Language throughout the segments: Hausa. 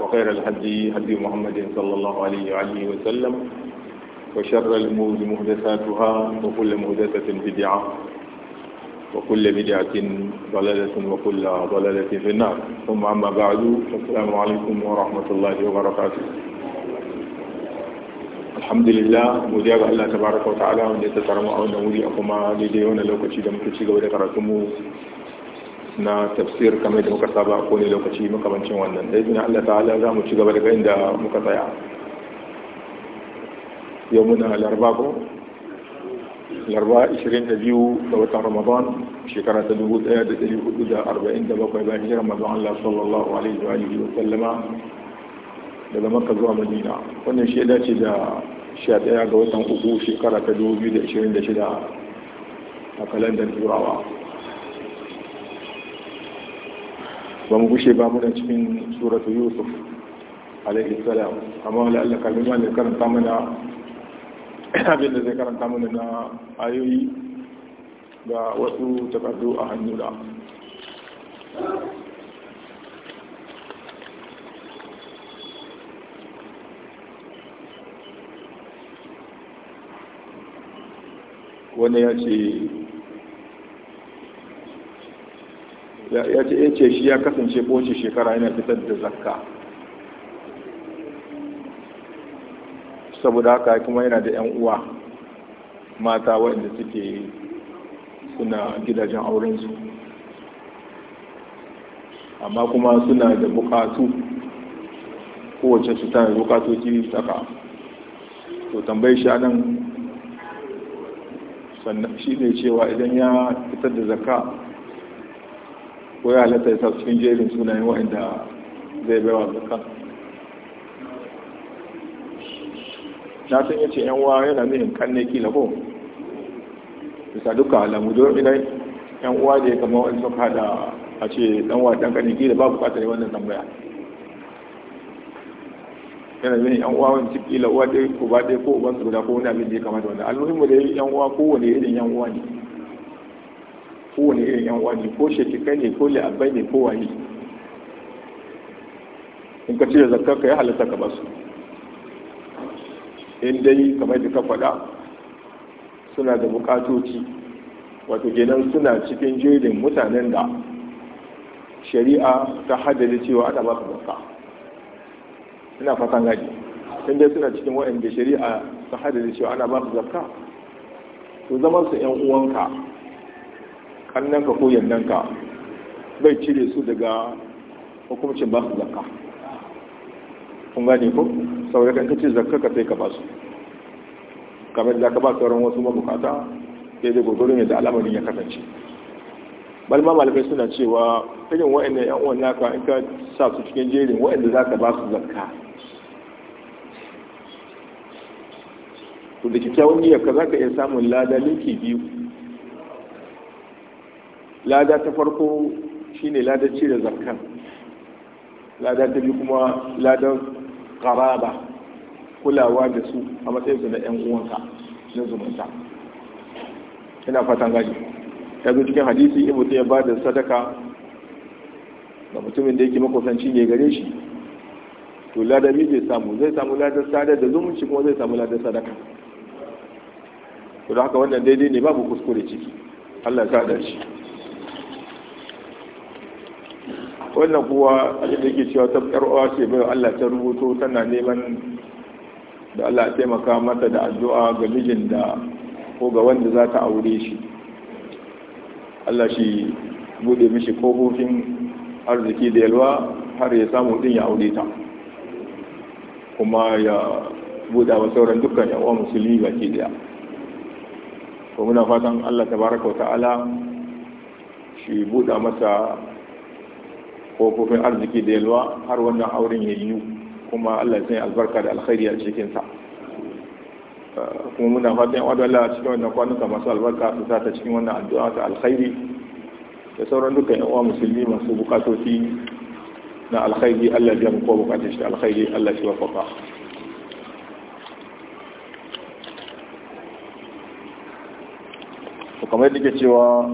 وخير الهدي هدي محمد صلى الله عليه وآله وسلم وشر الأمور محدثاتها وكل محدثة بدعة وكل بدعة ضلالة وكل ضلالة في النار ثم أما بعد السلام عليكم ورحمة الله وبركاته الحمد لله ga الله تبارك وتعالى ta'ala wanda ya tsara mu a wannan wuri a kuma daidai na tafsir kamar da muka saba ko ne lokaci makamancin wannan da izinin Allah ta'ala za mu ci gaba daga inda muka tsaya yau muna larba ko larba 22 ga watan ramadan shekara ta 1447 bayan hijirar manzon Allah sallallahu alaihi wa alihi wa sallama daga makka zuwa madina wannan shi dace da 11 ga watan uku shekara ta 2026 a kalandar turawa ba mu gushe ba muna cikin suratu yusuf alaihi salam amma wani allah kalmi ne karanta mana abin da zai karanta mana na ayoyi ga wasu takardu a hannuna wani ya ce ya ce shi ya kasance kowace shekara yana fitar da zakka saboda haka kuma yana da 'yan uwa mata waɗanda suke suna gidajen aurensu amma kuma suna da bukatu kowace su tana da bukatoci saka to tambayi shi anan shi ne cewa idan ya fitar da zakka ko ya halatta ya sa cikin jerin sunayen wa'anda zai bai wa zakka na san yace yan uwa yana nufin kanne kila ko bisa duka alamu don idan yan uwa da ya kama wani suka da a ce dan wa dan kanne kila ba bukatar wannan tambaya yana yin yan uwa wani cikin kila uwa ɗaya ko ba ɗaya ko uban su guda ko wani abin da ya kamata wanda mu da yan uwa kowane irin yan uwa ne kowane irin yan uwa ne ko shekika ne ko li'abbai ne ko waye in ka cire zakka ka ya halatta ka basu in dai kamar da ka faɗa suna da bukatoci wato kenan suna cikin jerin mutanen da shari'a ta haddada cewa ana ba su zakka ina fatan gaji in dai suna cikin waɗanda shari'a ta haddada cewa ana ba su zakka to zaman su yan uwanka kannanka ko yannanka bai cire su daga hukumcin ba su zakka kun gane ko saboda kan kace zakka ka sai ka ba su kamar da ka ba sauran wasu mabukata sai dai ne da al'amarin ya kasance balma malamai suna cewa irin wa'anda yan uwan naka in ka sa su cikin jerin wa'anda za ka ba su zakka to da kyakkyawan niyyar ka za ka iya samun ladalin linki biyu lada ta farko shine ladar cire zakkan lada ta biyu kuma ladar karaba kulawa da su a matsayinsu na 'yan uwanka na zumunta ina fatan gani ya zo cikin hadisi in mutum ya ba da sadaka ga mutumin da yake makwasanci ne gare shi to ladabi zai samu zai samu ladar sadar da zumunci kuma zai samu ladar sadaka to da haka wannan daidai ne babu kuskure ciki Allah ya sa shi wannan kuwa a da yake cewa ta uwa ce bai Allah ta rubuto tana neman da Allah taimaka mata da addu'a ga mijin da ko ga wanda za ta aure shi Allah shi bude mishi kofofin arziki da yalwa har ya samu din ya aure ta kuma ya buɗa wa sauran dukkan yawon musulmi baki daya ko muna fatan Allah Ta baraka wa ta'ala shi buɗa masa kofofin arziki da yalwa har wannan auren ya yiwu kuma Allah ya albarka da alkhairi a cikinsa uh, kuma muna fatan yan wadda a cikin wannan kwanuka masu albarka su sa ta cikin wannan addu'a ta alkhairi da sauran dukkan yan uwa musulmi masu bukatoci na alkhairi Allah ya muku bukatun shi alkhairi Allah shi wafaqa kamar yadda ke cewa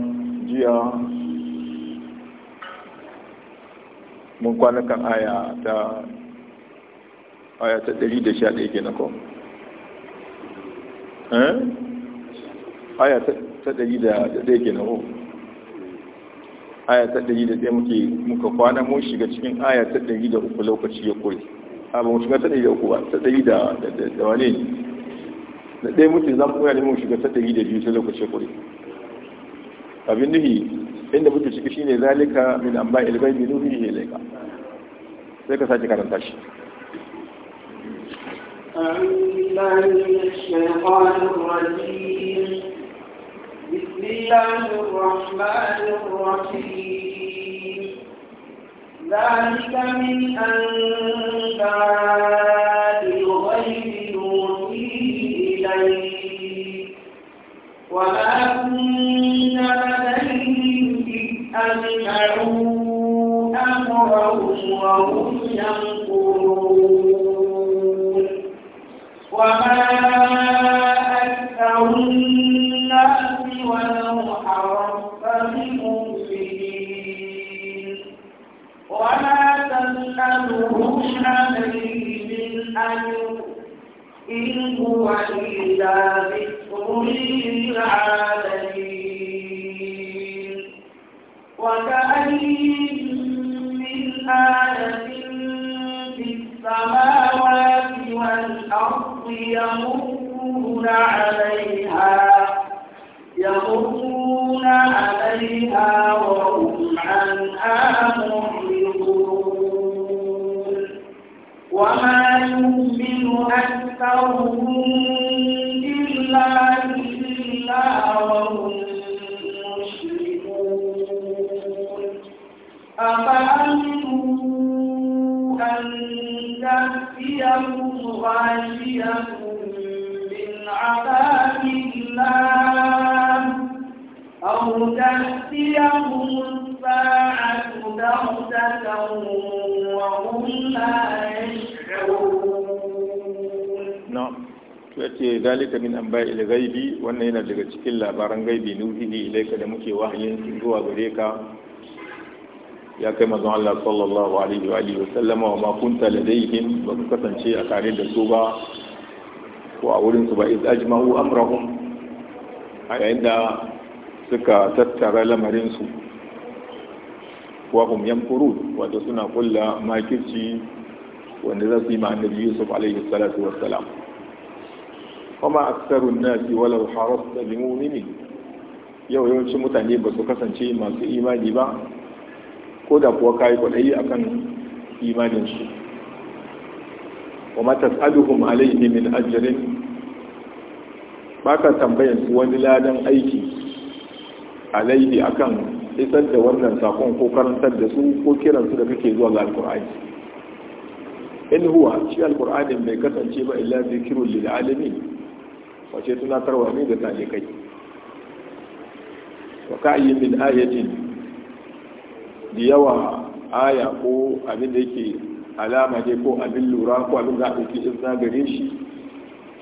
jiya mun kwana kan aya ta aya ta 111 kenan ko eh aya ta 111 kenan ko aya ta 111 muke muka kwana mun shiga cikin aya ta uku lokaci ya koyi abin shiga ta 103 ba ta ɗari da ne. da ɗaya mutum za mu koya ne mun shiga ta biyu ta lokaci ya koyi abin nufi inda muke ciki shine zalika min amma ilbai min nuhi ilayka sai ka sake karanta shi بسم الله الرحمن الرحيم ذلك من أنباء وهم ينقلون وما ya kai manzon Allah sallallahu alaihi wa alihi wasallama wa ma kunta ladaihim ba ku kasance a tare da su ba ko a wurin su ba iz ajma'u amrahum a yayin da suka tattara lamarin su wa hum yamkurun wato suna kulla makirci wanda za su yi ma annabi Yusuf alaihi salatu Salam. kuma aksarun nasi walau harasta bi mu'minin yau yawancin mutane ba su kasance masu imani ba ko da kuwa kayi kwaɗayi akan imaninsu wa aduhun alaihi min ajrin baka tambayan su wani ladan aiki alaihi kan isar da wannan sakon ko karantar da su ko kiransu da kake zuwa ga alkur'ani in huwa shi alkur'ani bai kasance ba illa zikirul lil alamin wace tunatarwa ne da tajikai wa ka'ayyin min ayatin da yawa aya ko abin da yake alama ne ko abin lura ko abin da a ɗauki gare shi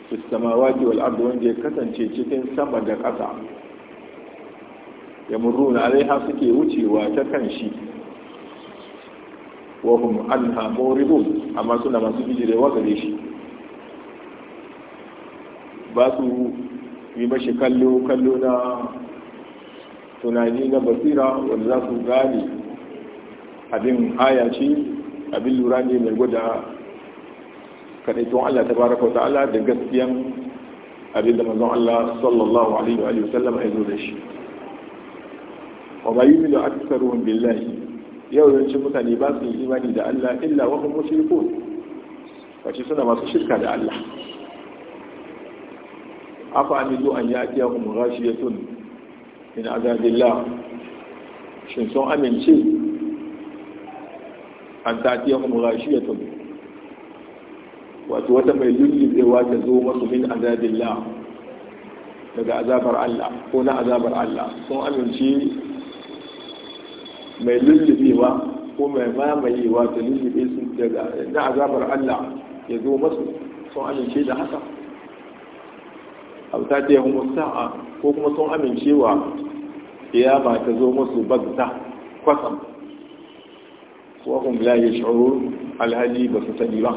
fistamawaki wal ardu wanda ya kasance cikin sama da ƙasa ya murru na alaiha suke wucewa ta kan shi wa hum anha muridun amma suna masu wa gare shi ba su yi mashi kallo kallo na tunani na basira wanda za su gane abin aya ce abin lura ne mai gwada kadaiton Allah ta baraka wa ta'ala da gaskiyan abin da manzon Allah sallallahu alaihi wa sallam ya zo da shi wa ba yu'minu aktsaruhum billahi yau yawancin mutane ba su yi imani da Allah illa wa hum mushrikun wace suna masu shirka da Allah afa amilu an ya'tiyahum ghashiyatun min azabillah shin sun amince an tafiya umura shi ya tuni wato wata mai lullubewa ta zo masu min la daga azabar Allah ko na azabar Allah sun amince mai lullubewa ko mai mamayewa ta lullube su daga na azabar Allah ya zo masu sun amince da haka abu ta ce kuma sa'a ko kuma sun amincewa ya ba ta zo masu bagta kwasam wahum la yash'urun alhaji ba su sani ba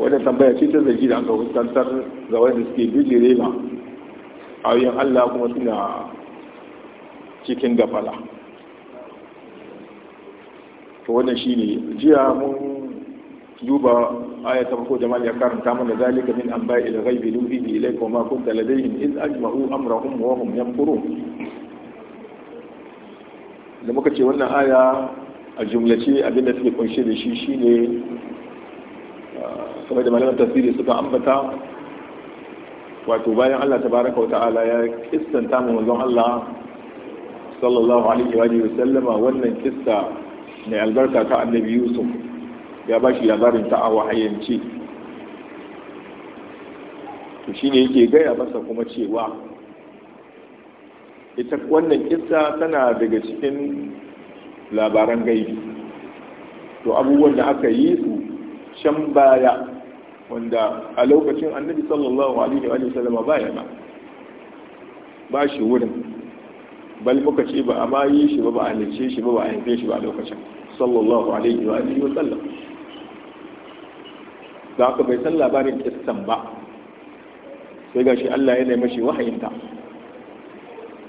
wadda tambaya ce ta zargi da aka fuskantar ga da suke bijire ma ayoyin Allah kuma suna cikin gafala to shi ne jiya mun duba aya ta farko jama'a ya karanta mana zalika min anba'il ghaibi nuhihi ilayka wa ma kunta ladayhim iz ajma'u amrahum wa hum yamkurun da muka ce wannan aya a jumlace abinda take kunshe da shi shine saboda da malamar tasiri suka ambata wato bayan Allah Ta baraka tabaraka ta'ala ya kistanta mu manzon Allah sallallahu alaihi wa sallama wannan kissa mai albarka ta annabi Yusuf ya ba shi labarin ta a wahayance to shine yake gaya masa kuma cewa ita wannan kissa tana daga cikin labaran gaibi to abubuwan da aka yi su can baya wanda a lokacin annabi sallallahu alaihi wa sallama baya ba ba shi wurin bal muka ce ba a yi shi ba ba a nace shi ba ba a yanke shi ba a lokacin sallallahu alaihi wa wa sallam da aka bai san labarin kissan ba sai gashi Allah ya nemi shi wahayinta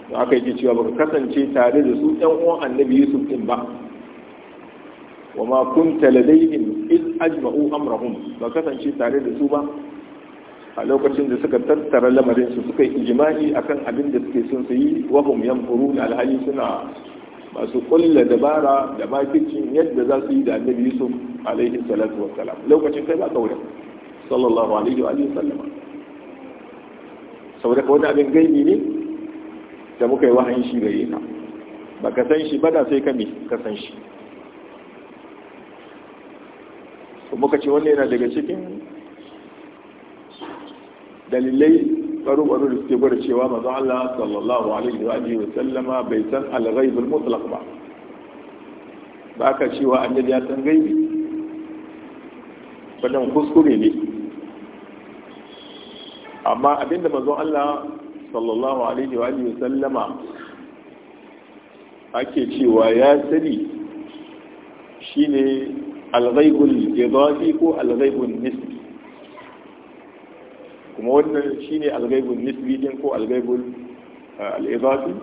to aka yake cewa baka kasance tare da su ɗan uwan annabi yusuf din ba wa ma kunta ladaihim iz ajma'u amrahum ba kasance tare da su ba a lokacin da suka tattara lamarin su suka yi ijma'i akan abin da suke son su yi wa hum yanfurun alhali suna masu kulla dabara da bakicin yadda za su yi da annabi yusuf alaihi salatu wassalam lokacin kai ba kaurin sallallahu alaihi wa sallama saboda kawai abin gaibi ne da muka yi wahayin shi gare ka ba ka san shi ba da sai ka mi ka san shi muka ce wannan yana daga cikin dalilai baro-baro da suke gwada cewa mazan Allah sallallahu alaihi wa alihi wa sallama bai san al-ghaibul mutlaq ba ba ka cewa annabi ya san gaibi wannan kuskure ne amma abinda mazan Allah sallallahu alaihi wa sallama ake cewa ya sani shine alghaibul idafi ko alghaibul nisbi kuma wannan shine alghaibul nisbi din ko alghaibul uh, al uh,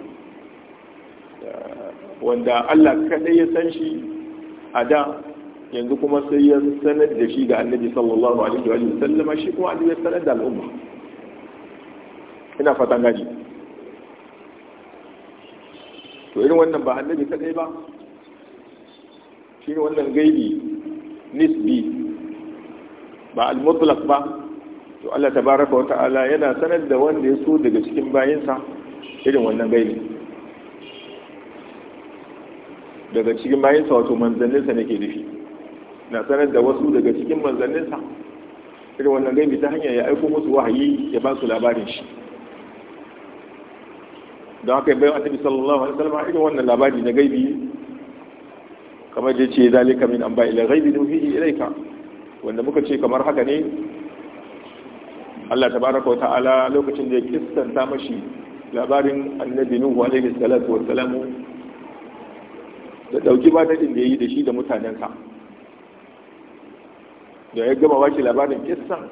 wanda Allah kadai ya san shi a da yanzu kuma sai ya sanar da shi ga annabi sallallahu alaihi wa sallama shi kuma annabi ya sanar da al'umma ina fatan gaji to irin wannan ba annabi kadai ba shi ne wannan gaibi nisbi ba al-mutlaq ba to Allah tabaraka wa ta'ala yana sanar da wanda ya so daga cikin bayinsa irin wannan gaibi daga cikin bayinsa wato manzanninsa nake dafi na sanar da wasu daga cikin manzanninsa irin wannan gaibi ta hanyar ya aiko musu wahayi ya ba su labarin shi da haka bayan annabi sallallahu alaihi wasallam irin wannan labari na gaibi kamar da ce zalika min anba ila gaibi nuhihi ilaika wanda muka ce kamar haka ne Allah tabaraka wa ta'ala lokacin da ya kissanta mashi labarin annabi nuhu alaihi salatu wa salamu da dauki ba dadin da yayi da shi da mutanensa da ya gama ba shi labarin kistan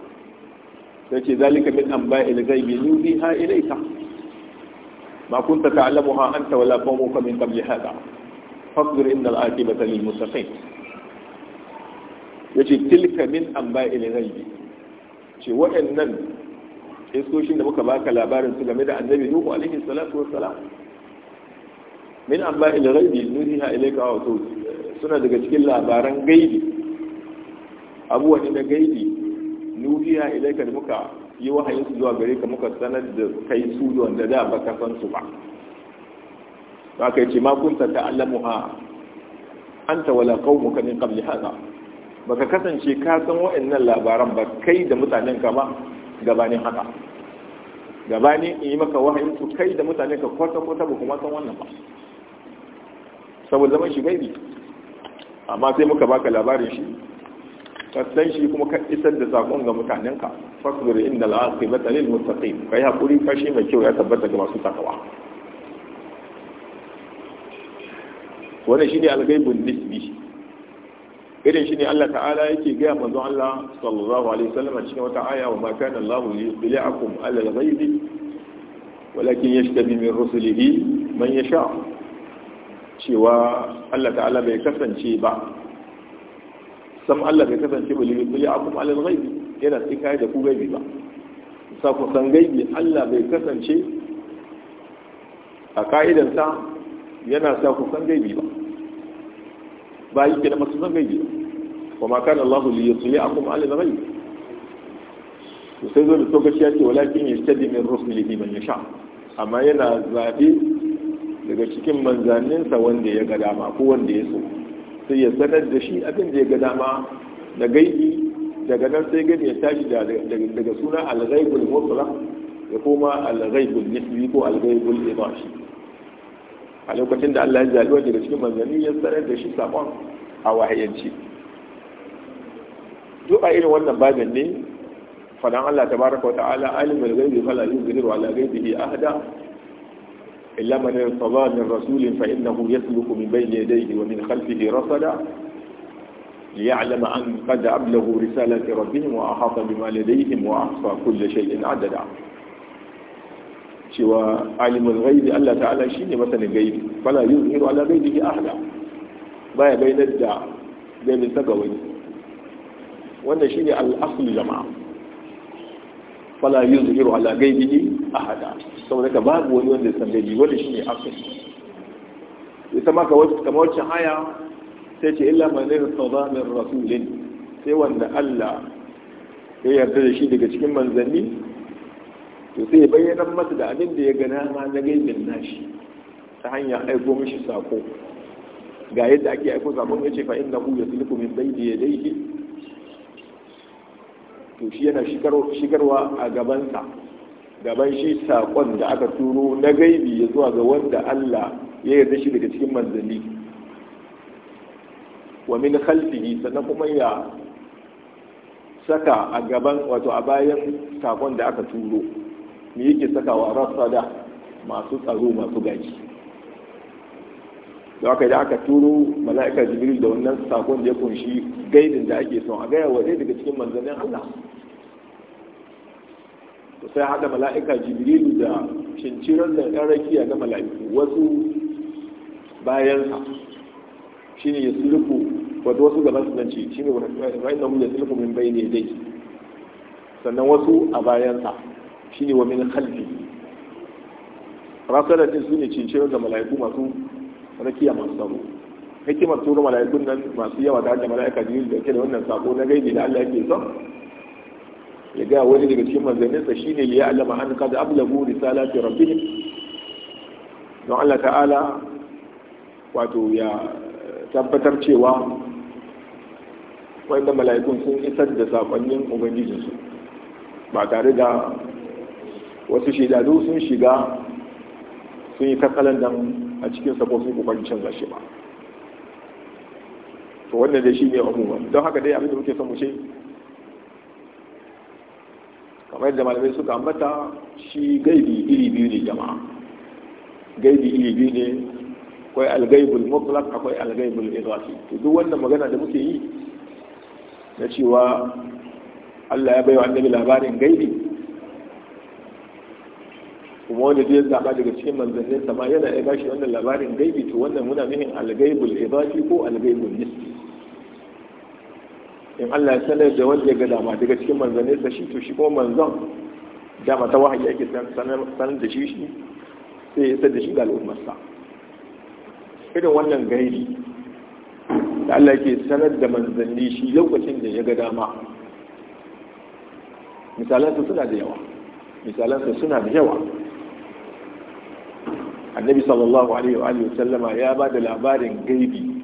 sai ce zalika min anba ila ghaibi nuhiha ilaika. ما كنت تعلمها أنت ولا قومك من قبل هذا فاصبر إن العاقبة للمتقين yace tilka min amba'il ghaibi ce waɗannan iskoshin da muka baka labarin su game da annabi nuhu alaihi salatu wassalam min amba'il ghaibi nuhiha ilayka wa suna daga cikin labaran gaibi abubuwan na gaibi nuhiha ilayka da muka yi wahayin su zuwa gare ka muka sanar da kai su wanda da ba ka san su ba ba kai ce ma kunta An ta wala qaumuka min haza. Ba ka kasance ka san wa'annan labaran ba kai da mutanen ka ba gabanin haka gabanin in yi maka wahayin su kai da mutanen ka kwata kwata ba kuma san wannan ba saboda zaman shi gaibi amma sai muka baka labarin shi ka san shi kuma ka isar da sakon ga mutanen ka fasbir innal aqibata lil muttaqin kai hakuri kashi mai kyau ya tabbata ga masu takawa wannan shine al-ghaibun nisbi irin ne Allah ta'ala yake ga manzo Allah sallallahu alaihi wasallam cikin wata aya wa ma kana Allah liyuliakum ala al-ghaibi walakin bi min rusulihi man sha. cewa Allah ta'ala bai kasance ba sam Allah bai kasance ba liyuliakum ala al-ghaibi yana cikin da ku gaibi ba sa ku san gaibi Allah bai kasance a ka'idarsa yana sa ku san gaibi ba ba yi da masu san gaibi wa ma kana Allah li yusli akum ala al-ghaib su sai zo da tokaci ya ce walakin yastadi min rusulihi man yasha amma yana zaɓe daga cikin manzanninsa wanda ya ga dama ko wanda ya so sai ya sanar da shi abin da ya ga dama na gaibi daga nan sai gani ya tashi daga suna al-ghaibul mutlaq ya koma al-ghaibul nisbi ko al-ghaibul idashi a lokacin da Allah ya zabi daga cikin manzanni ya sanar da shi sabon a wahayanci duk a irin wannan babin ne fadan Allah tabaraka wa ta'ala alimul ghaibi fala yuzhiru ala ghaibihi ahada illa man irtada min rasulin fa innahu yasluku min bayni yadayhi wa min khalfihi rasada ليعلم أن قد أبلغوا رسالة ربهم وأحاط بما لديهم وأحصى كل شيء عددا شوى عالم الغيب الله تعالى شيء مثلا غيب فلا يظهر على غيبه أحدا ما بين الدع بين الثقوي وأن شيء الأصل جماعة فلا يظهر على غيبه أحدا سوى ذلك باب وليون لسنجيبي ولا شيء أصل يسمى كما وجه حياة sai ce illa man irtada min rasulin sai wanda Allah ya yarda da shi daga cikin manzanni to sai bayyana masa da abin da ya gana ma na gaibin nashi ta hanyar aiko mishi sako ga yadda ake aiko sakon ya ce fa inna hu yasluku min bayni yadayhi to shi yana shigarwa a gabansa gaban shi sakon da aka turo na gaibi ya zuwa ga wanda Allah ya yarda shi daga cikin manzanni wa min khalfihi sannan kuma ya saka a gaban wato a bayan sakon da aka turo me yake sakawa rasada masu tsaro masu gaji da aka da aka turo mala'ika jibril da wannan sakon da ya kunshi gaidin da ake son a gaya wa dai daga cikin manzannin Allah to sai hada mala'ika jibril da cinciran da ɗan rakiya na mala'iku wasu bayan shi shine ya sulku wato wasu gaban su nan ce ne wa inna hum yasluku min bayni yadayhi sannan wasu a bayansa shine wa min khalfi rasulun din sune cincin da mala'iku masu rakiya masu tsaro hikimar tura mala'ikun nan masu yawa da hanyar mala'ika jibril da ke da wannan sako na gaibi da Allah yake son ya ga wani daga cikin manzanninsa shine liya allama an kada ablagu risalati rabbihim don Allah ta'ala wato ya tabbatar cewa wanda mala'ikun sun isar da sakonnin ubangijinsu ba tare da wasu shidadu sun shiga sun yi katsalan dan a cikin sa ko sun kokarin canza shi ba to wannan dai shi ne abubuwa, don haka dai abinda muke son mu kamar yadda malamai suka ambata shi gaibi iri biyu ne jama'a gaibi iri biyu ne akwai algaibul mutlak akwai algaibul idafi to duk wannan magana da muke yi na cewa Allah ya bai wa annabi labarin gaibi kuma wanda zai zaba daga cikin manzannin sama yana ya bashi wannan labarin gaibi to wannan muna nuhin algaibul ibadi ko algaibul nisbi in Allah ya sanar da wanda ya ga dama daga cikin manzannin sa shi to shi ko manzon dama ta wahayi ake sanar da shi shi sai ya da shi ga sa irin wannan gaibi Allah ke sanar da manzanni shi lokacin da ya ga dama misalansa suna da yawa misalansa suna da yawa annabi sallallahu alaihi wa alihi sallama ya ba da labarin gaibi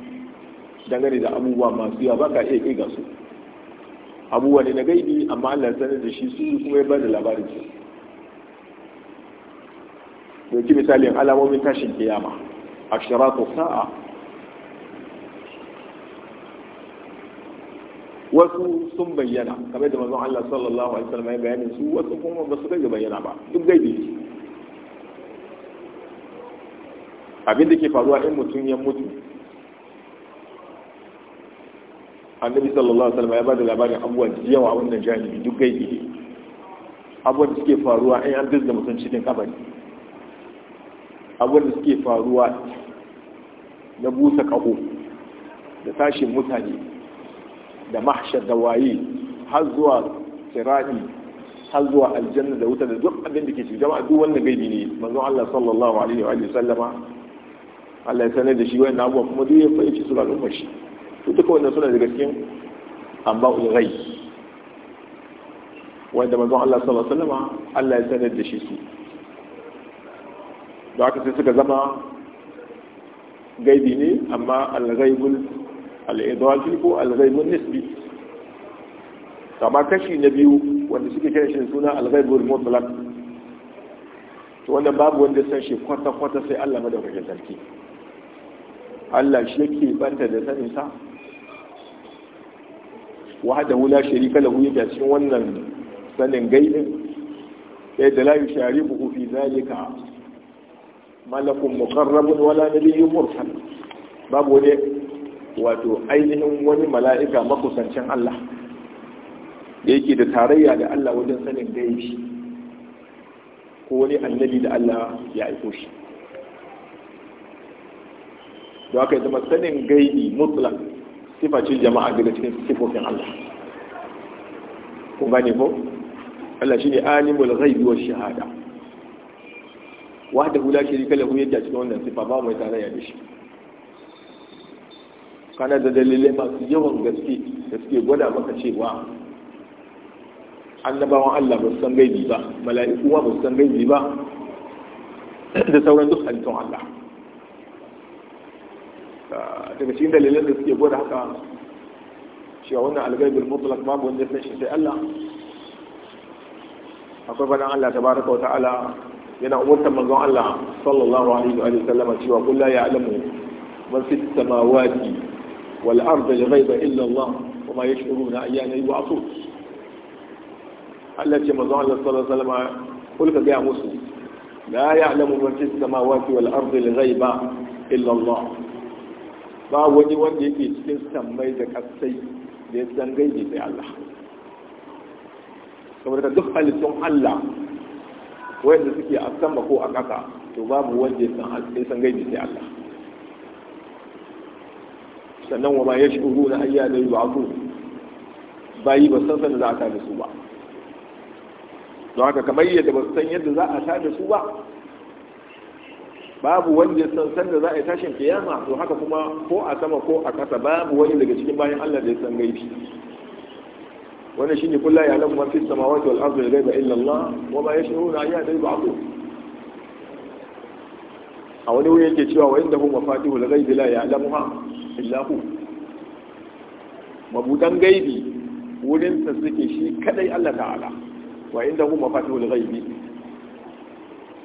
dangane da abubuwa masu yawa baka iya kai ga su abubuwa ne na gaibi amma Allah sanar da shi su kuma ya ba da labarin su dauki misalin alamomin tashin kiyama a sa'a wasu sun bayyana kamar da mazan Allah sallallahu alaihi wasallam ya bayani su wasu kuma ba su kai bayyana ba duk bi abin da ke faruwa in mutum ya mutu annabi sallallahu alaihi wasallam ya bada labarin abubuwan da yawa wannan jani duk bi abubuwan da suke faruwa in an dizda mutum cikin kabari abubuwan da suke faruwa na busa kaho da tashin mutane da mahshar da waye har zuwa sirati har zuwa aljanna da wuta da duk abin da ke cikin jama'a duk wannan gaibi ne manzon Allah sallallahu alaihi wa sallama Allah ya sanar da shi wannan abu kuma duk ya fahimci su ga al'ummar shi to duka wannan suna daga cikin amba'ul ghaib wanda manzon Allah sallallahu alaihi wa sallama Allah ya sanar da shi su da haka sai suka zama gaibi ne amma al-ghaibul al'idafi ko alghaibun nisbi kama kashi na biyu wanda suke kira shi suna alghaibun mutlaq to wanda babu wanda san shi kwata kwata sai Allah madaukakin sarki Allah shi yake banta da sanin sa hula la kala lahu da cikin wannan sanin gaibin sai da la yushariku fi zalika malakun muqarrabun wala nabiyyun mursal babu wani wato ainihin wani mala'ika makusancin Allah da yake da tarayya da Allah wajen sanin shi ko wani annabi da Allah ya aiko shi da aka yi zama sanin gaibi mutlak sifacin jama'a daga cikin sifofin Allah kun gane ko Allah shine alimul ghaibi wash shahada wahdahu la sharika lahu yadda cikin wannan sifa ba mai tarayya da shi kana da dalilai masu yawan gaske da suke gwada maka cewa annabawan Allah ba san gaibi ba mala'iku ba ba san gaibi ba da sauran duk halittun Allah daga cikin dalilan da suke gwada haka cewa wannan algaibul mutlaq babu wanda san shi sai Allah akwai fadan Allah ta tabaraka wa ta'ala yana umurtar manzon Allah sallallahu alaihi wa sallama cewa kullu ya'lamu man fi samawati wal arda li ghaiba illa Allah wa ma yashuruna ayyana yub'athun Allah ce manzo Allah sallallahu alaihi wasallam kulka ga musu la ya'lamu man fis samawati wal ardi li ghaiba illa Allah ba wani yake cikin sammai da kasai da ya san gaibi sai Allah saboda duk halittun Allah wanda suke a sama ko a ƙasa to babu wanda gaibi sai Allah sannan wa ma ya shuru na ayya da yi su bayi ba san sanda za a tada su ba don haka kamar yadda ba su san yadda za a tada su ba babu wanda san sanda za a yi tashin kiyama to haka kuma ko a sama ko a kasa babu wani daga cikin bayan Allah da ya san gaibi wannan shine kullu ya lamu ma fi samawati wal ardi ghaiba illa Allah wa ma yashuruna ayya da yu'atu a wani wuri yake cewa wa inda hum mafatihul ghaibi la ya'lamuha illahu mabudan gaibi wurin sa suke shi kadai Allah ta'ala wa inda hu mafatihul ghaibi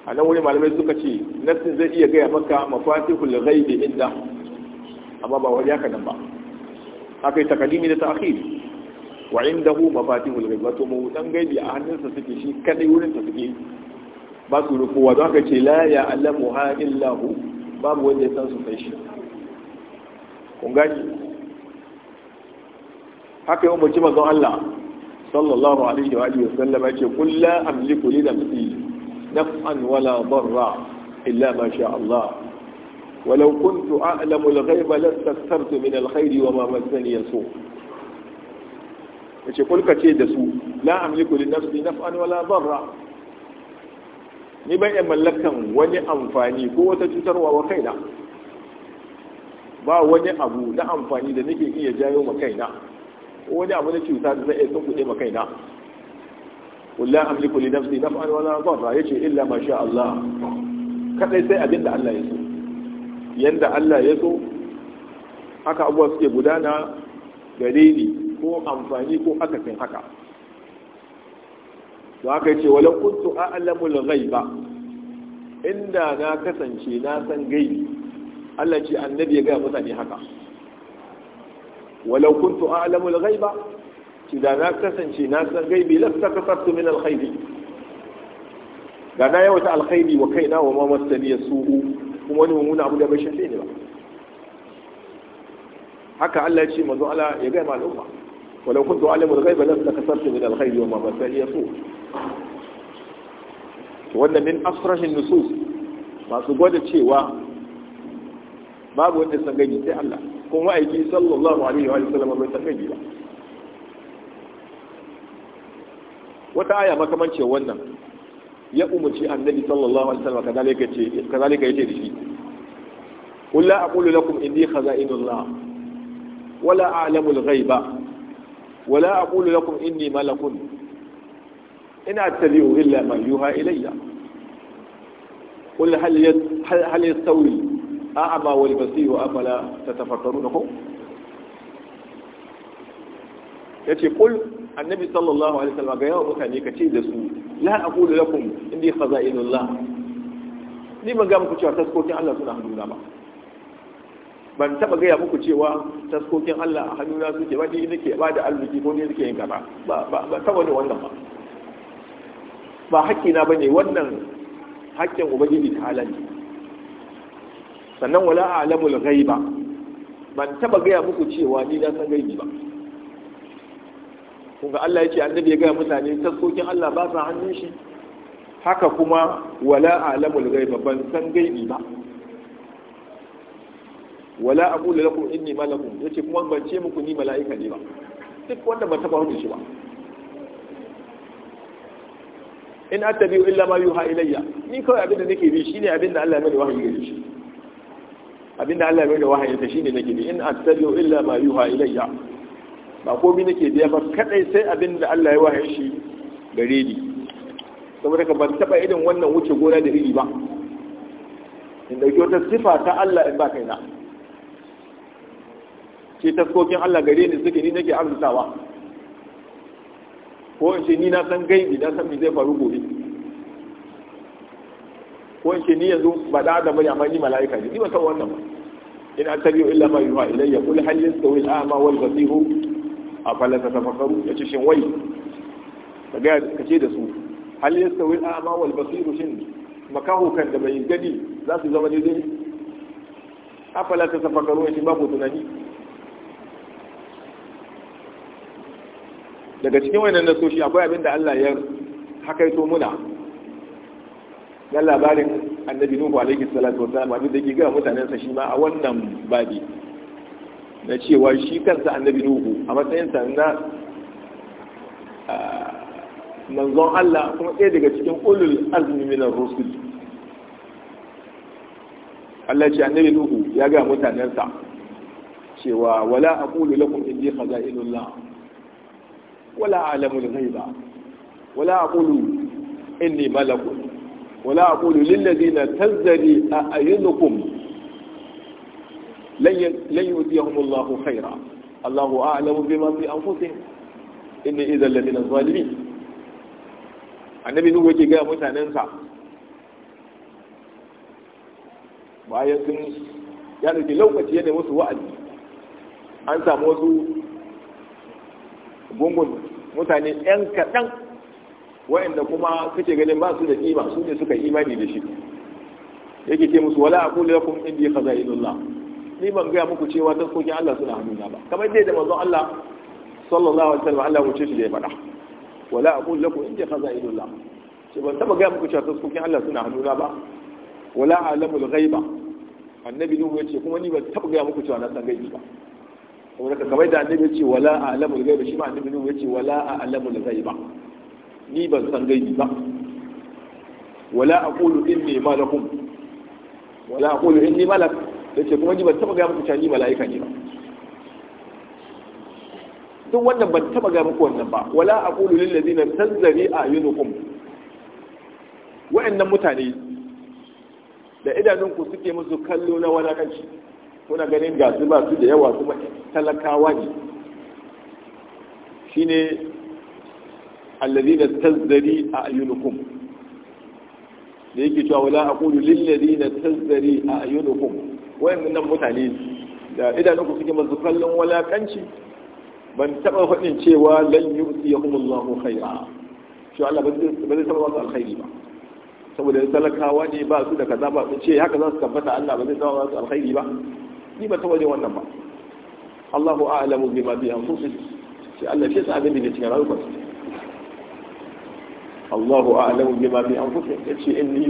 a nan wurin malamai suka ce nassin zai iya gaya maka mafatihul ghaibi inda amma ba wani haka nan ba haka yi takalimi da ta'khiri wa indahu mafatihul ghaib wato mabudan gaibi a hannunsa suke shi kadai wurin sa suke ba su rufuwa don haka ce la ya alamu ha illahu babu wanda ya san su sai shi kun gaji haka yau mace mazan Allah sallallahu alaihi wa alihi wasallam ya ce kul amliku li nafsi naf'an wala darra illa ma sha Allah ولو كنت أعلم الغيب لاستكثرت من الخير وما مسني سوء yace kulka ce da su la amliku li nafsi naf'an wala darra ni ban mallakan wani amfani ko wata cutarwa wa kaina ba wani abu na amfani da nake iya jayo ma kaina wani abu na cuta da zai iya kuɗe ma kaina wala amliku li nafsi naf'an wala dhara yace illa ma sha Allah kadai sai abin da Allah ya so yanda Allah ya so haka abuwa suke gudana gare ni ko amfani ko kai haka to haka yace wala kuntu a'lamul ghaiba inda na kasance na san gaibi Allah ce annabi ya gaya mutane haka walau kuntu a'lamu al-ghaiba ci da na kasance na san gaibi lasta kasartu min al-khayri da na yawata alkhairi wa kaina wa ma masani yasu'u kuma wani mummuna abu da bai shafe ni ba haka Allah ya ce manzo Allah ya gaya ma al'umma ولو كنت أعلم min لاستكثرت من الخير وما مسني يسوء wannan min asrahin nusus masu gwada cewa babu wanda san gani sai Allah kuma aiki sallallahu alaihi wa sallam bai san gani ba wata aya makamance wannan ya umarci annabi sallallahu alaihi wa wasallam kadalika ce kadalika yace dashi qul la aqulu lakum indi khaza'inullah wala a'lamu al-ghaiba wala aqulu lakum inni malakun in attabi'u illa ma yuha ilayya qul hal hal yastawi a'ama wal basiru afala tatafakkaruna ko yace kul annabi sallallahu alaihi wasallam ga yawa mutane ka ce da su la aqulu lakum indi khaza'inullah ni ban ga muku cewa taskokin Allah suna hannuna ba ban taba gaya muku cewa taskokin Allah a hannuna suke ba ni nake ba da arziki ko ni nake yin kaza ba ba ba taba da wannan ba ba hakki na bane wannan hakkin ubangiji ta halali sannan wala a'lamul ghaiba ban taba gaya muku cewa ni na san gaibi ba kun ga Allah yake annabi ya gaya mutane taskokin Allah ba sa hannun shi haka kuma wala a'lamul ghaiba ban san gaibi ba wala aqulu lakum inni malakun yace kuma ban ce muku ni mala'ika ne ba duk wanda ba taba hudu shi ba in attabi'u illa ma yuha ilayya ni kawai abin da nake bi shine abin da Allah ya mani wahayi gare shi abinda Allah ya da wahayin ta shine nake bi in attabi'u illa ma yuha ilayya ba bi nake biya ba kadai sai abinda Allah ya wahayi shi gare ni saboda ka ban taba irin wannan wuce gona da iri ba in dauki wata sifa ta Allah in ba kaina ce taskokin Allah gare ni suke ni nake arzutawa ko in ce ni na san gaibi na san me zai faru gobe ko yake ni yanzu ba da adam bane amma ni mala'ika ne ni ba san wannan ba in attabi'u illa ma yuha ilayya kul hal yastawi al-a'ma wal basir afala tatafakkaru yace shin wai ka kace da su hal yastawi al-a'ma wal basir shin makahu kan da bai gadi za su zama daidai afala tatafakkaru yace babu tunani daga cikin wannan nasoshi akwai abin da Allah ya hakaito muna dan labarin annabi nuhu alaihi salatu wasalam abin da ke ga mutanen sa shi ma a wannan babi na cewa shi kansa annabi nuhu a matsayin sa na manzon Allah kuma ɗaya daga cikin ulul azmi min ar-rusul Allah ce annabi nuhu ya ga mutanen sa cewa wala aqulu lakum inni khaza'inullah wala a'lamu al-ghaiba wala aqulu inni malakun wala aqulu lil ladina tazdari a'yunukum lan yutiyahum Allahu khaira Allahu a'lamu bima fi anfusihim inni idhal lamina zalimin annabi nuhu yake ga mutanensa bayan sun ya dauki lokaci yana musu wa'azi an samu wasu gungun mutane 'yan kaɗan wa'anda kuma kake ganin ba su da kima su ne suka imani da shi yake ce musu wala aqulu lakum indi khaza'inullah ni ban ga muku cewa taskokin Allah suna hannuna ba kamar dai da manzon Allah sallallahu alaihi wasallam Allah wuce shi da ya faɗa wala aqulu lakum indi khaza'inullah ce ban taba ga muku cewa taskokin Allah suna hannuna ba wala alamul ghaiba annabi nuhu yace kuma ni ban taba ga muku cewa na san gaibi ba kamar da annabi yace wala alamul ghaiba shi ma annabi ya yace wala alamul ghaiba ni ban san gaibi ba wala aqulu inni malakum wala aqulu inni malak yace kuma ni ban taba ga muku ni malaika ne ba duk wannan ban taba ga muku wannan ba wala aqulu lil ladina tazzari ayunukum wa'annan mutane da idanun ku suke musu kallo na walakanci kuna ganin gasu ba su da yawa kuma talakawa ne shine alladhina tazdari a ayyunukum da yake cewa wala aqulu lil ladina tazdari a ayyunukum nan mutane da idanunku suke masu kallon walakanci ban taba fadin cewa lan yu'tiyahumullahu khaira shi Allah ba zai taba masu alkhairi ba saboda talakawa ne ba su da kaza ba su ce haka za su tabbata Allah ba zai taba masu alkhairi ba ni ba taba wannan ba Allahu a'lamu bima bi anfusih shi Allah shi sa abin da ke cikin rayuwarsa Allahu a'lamu bima fi anfusihim yace inni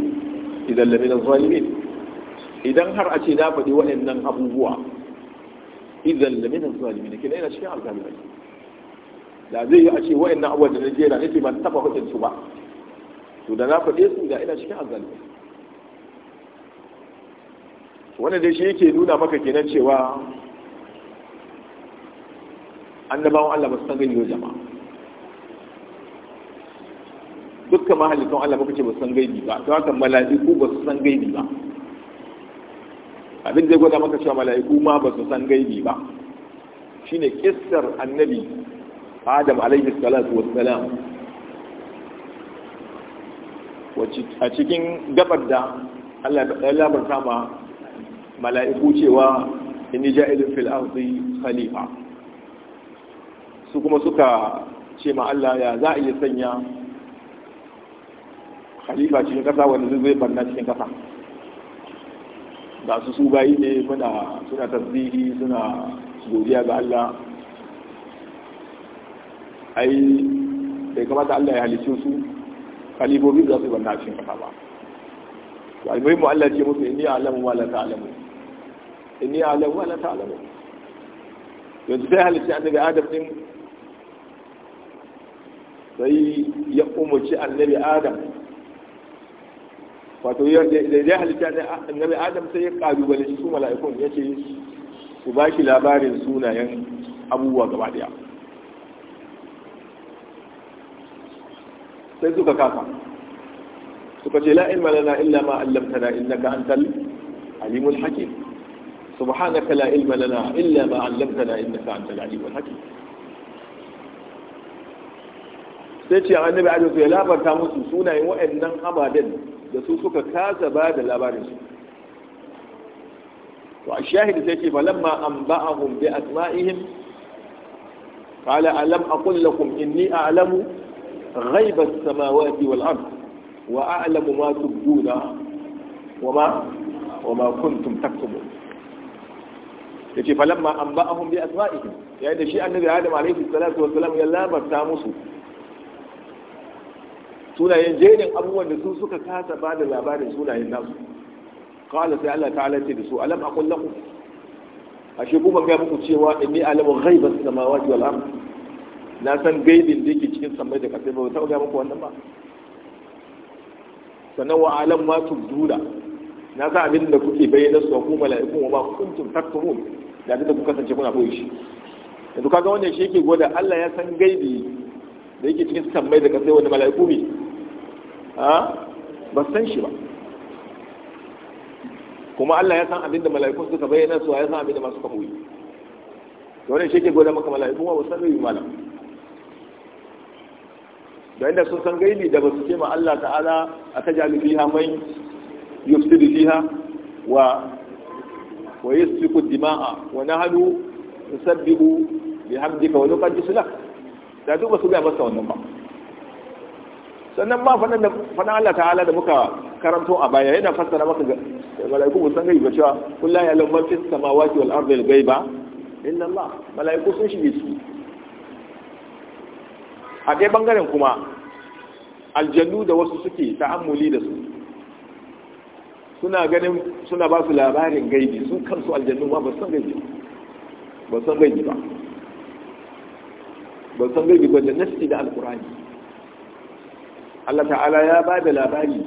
idan lamina zalimin idan har a ce na faɗi waɗannan abubuwa idan lamina zalimin kina ina cikin alzalimai da zai yi a ce waɗannan abubuwa da na jera nake ban taɓa hudin su ba to da na faɗe su da ina cikin alzalimai wannan dai shi yake nuna maka kenan cewa annabawan Allah ba su san gani jama'a dukkan mahalittun Allah muka ce ba san gaibi ba to haka mala'iku ba su san gaibi ba abin zai gwada maka cewa mala'iku ma ba su san gaibi ba shine kissar annabi Adam alaihi salatu wassalam a cikin gabar da Allah ya ma mala'iku cewa inni ja'ilun fil ardi khalifa su kuma suka ce ma Allah ya za a iya sanya khalifa cikin kasa wanda zai banna cikin kasa ga su su bayi ne muna suna tasbihi suna godiya ga Allah ai bai kamata Allah ya halicce su Khalifa za su banna cikin kasa ba to almuhim mu Allah ce musu inni a'lamu wa la ta'lamu inni a'lamu wa la ta'lamu yanzu sai halicce annabi Adam din sai ya umarci annabi Adam wato da ya halitta annabi adam sai ya kalubale su mala'ikun ya ce ku ba shi labarin sunayen abubuwa gaba daya sai suka kafa suka ce la ilma lana illa ma allamtana innaka antal alimul hakim subhanaka la ilma lana illa ma allamtana innaka antal alimul hakim sai ce annabi adam ya labarta musu sunayen wa'annan abadan da su suka kasa ba da labarin su to a shahidi sai ce falamma an ba'ahum bi asma'ihim qala alam aqul lakum inni a'lamu ghaiba as-samawati wal ard wa a'lamu ma tubduna wa ma wa ma kuntum taktumun yace falamma an ba'ahum bi asma'ihim yayin da shi annabi adam alaihi salatu wassalam ya labarta musu sunayen jerin abubuwan da su suka kasa ba da labarin sunayen nasu kawai sai Allah ta'ala ce da su alam a kullum a shekuma ga muku cewa in ni alamu ghaibas samawati wal ard na san gaibin da yake cikin samai da kasai ba ta ga muku wannan ba sannan wa alam ma tubduna na san abin da kuke bayyana su ku mala'ikun wa ma kuntum taktumun da da kuka kasance kuna koyi shi yanzu kaga wannan shi yake gwada Allah ya san gaibi da yake cikin samai da kasai wanda mala'iku ne ba san shi ba kuma Allah ya san abin da mala'iku suka bayyana su ya san abin da masu ka to wannan shi ke gwada maka mala'iku ba san gaibi malam da inda sun san gaibi da ba su ce ma Allah ta'ala a ta jami fiha mai yufsidu fiha wa wa yusfiku dima'a wa nahnu nusabbihu bihamdika wa nuqaddisu lak da duk ba su ga masa wannan ba sannan ma faɗin da faɗin Allah ta'ala da muka karanto a baya yana fassara maka ga mala'iku sun san ba cewa kullu ya lam fi samawati wal ardi al ghaiba inna Allah mala'iku sun shige su a dai bangaren kuma aljannu da wasu suke ta'ammuli da su suna ganin suna ba su labarin gaibi su kansu aljannu ma ba san gaibi ba san gaibi ba ba san gaibi ba da nasti da alqur'ani Allah ta'ala ya ba da labari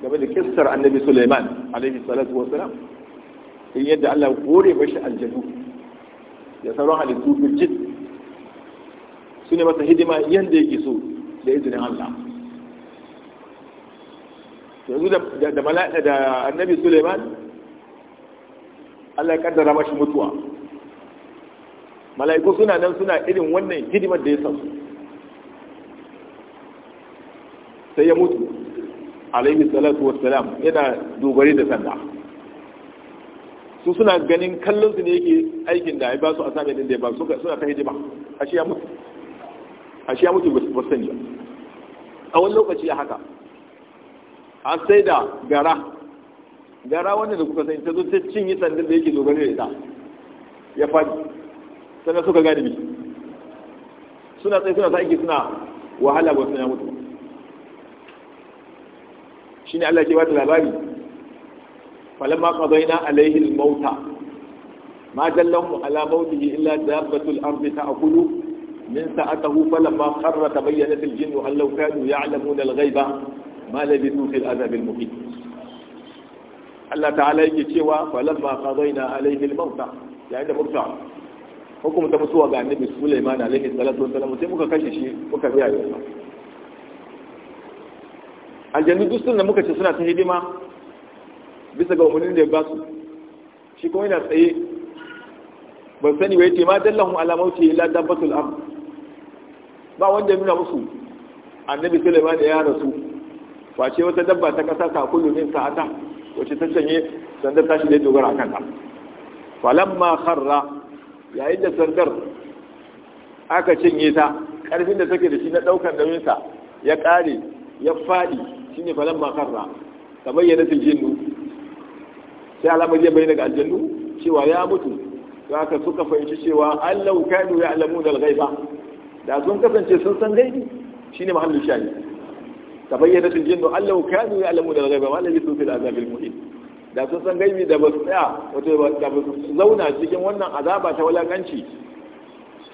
game da kissar annabi Sulaiman alaihi salatu wasalam in yadda Allah ya kore mashi aljanu da sauran halittu birjit su ne masa hidima yadda yake so da izinin Allah yanzu da mala'ika da annabi Sulaiman Allah ya kaddara mashi mutuwa mala'iku suna nan suna irin wannan hidimar da ya san sai ya mutu alaihi salatu wassalam yana dogari da sanda su suna ganin kallon su ne yake aikin da ya ba su a sami da ya ba su suna ta hijima ashe ya mutu ashe ya mutu ba sani a wani lokaci ya haka a sai da gara gara wanda da kuka sani ta zo ta cinye sandar da yake dogari da ita ya fadi sannan suka gane suna tsaye suna ta aiki suna wahala ba ya mutu shine Allah ke bata labari falamma qadayna alayhi al-mauta ma dallahum ala mautihi illa dabbatul ardi ta'kulu min sa'atihi falamma qarra tabayyanat al-jinnu an law kanu ya'lamuna al-ghaiba ma labithu fil adhab al-muhit Allah ta'ala yake cewa falamma qadayna alayhi al-mauta yayin da mutuwa hukumta mutuwa ga annabi Sulaiman alaihi salatu wasallam sai muka kashe shi muka biya yasa aljannu duk sun da muka ce suna ta hidima bisa ga umarnin da ya ba su shi kuma yana tsaye ban sani ya ce ma dallahun alamauci illa dabbatul am ba wanda nuna musu annabi sulaiman da ya rasu face wata dabba ta kasa ta kullu min sa'ata wacce ta canye sandar tashi da dogara a kanta? falamma kharra yayin da sandar aka cinye ta karfin da take da shi na daukan daminsa ya kare ya fadi shine falan ma karra ta bayyana ta jinnu sai alamar ya bayyana ga aljannu cewa ya mutu za ka suka fahimci cewa allahu kanu ya alamu da alghaiba da sun kasance sun san gaibi shine mahallin shani ta bayyana ta jinnu allahu kanu ya alamu ghaiba alghaiba ma alladhi tusil azabil muhin da sun san gaibi da ba su tsaya wato da ba su zauna cikin wannan azaba ta walakanci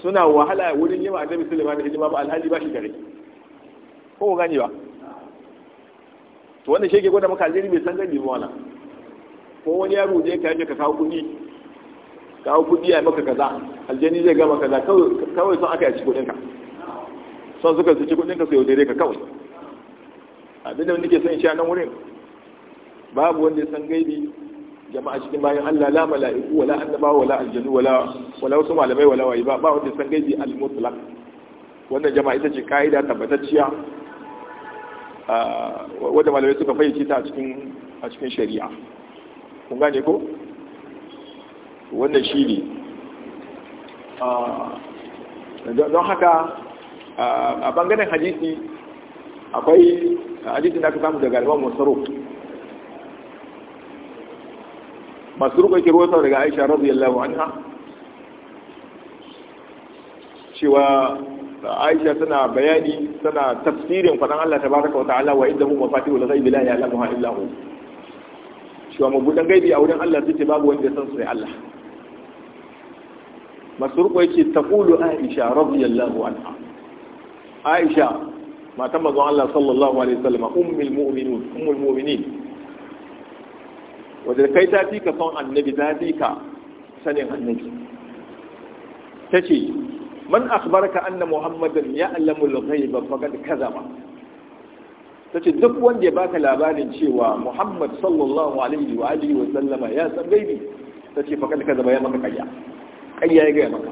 suna wahala wurin yi wa bisulman sulaiman hijima ba alhali ba shi gare ko gani ba to wannan shege gwada maka aljiri bai san gani ba wala ko wani yaro je ka yaje ka kawo kudi kawo kudi a maka kaza aljiri zai gama kaza kawai son aka yaci kuɗinka son suka su ci kuɗinka su yaudare ka kawai abin da nake son a nan wurin babu wanda ya san gaibi jama'a cikin bayan Allah la mala'iku wala annaba wala aljanu wala wala wasu malamai wala wayi ba ba wanda ya san gaibi al-mutlaq wannan jama'a ita ce kaida tabbatacciya wadda malamai suka fayyace ta a cikin shari'a kun gane ko wannan shi ne don haka a bangaren hadisi akwai hadisi da aka samu daga alwan masaru masu rukun ke ruwa daga aisha radiyallahu anha cewa aisha tana bayani tana tafsirin fadan Allah Ta tabaraka wa ta'ala wa indahu mafatihul ghaibi la ya'lamuha illa hu shi wa mabudan gaibi a wurin Allah suke babu wanda ya san sai Allah masurko yake taqulu aisha radiyallahu anha aisha matan manzon Allah sallallahu alaihi wasallam ummul mu'minin ummul mu'minin wadda kai ta fi ka son annabi ta fi ka sanin annabi ta ce man akhbaraka anna muhammadan ya'lamu al-ghaiba faqad kazaba tace duk wanda ya baka labarin cewa muhammad sallallahu alaihi wa alihi wa sallama ya san gaibi tace faqad kazaba ya maka kayya kayya ya ga maka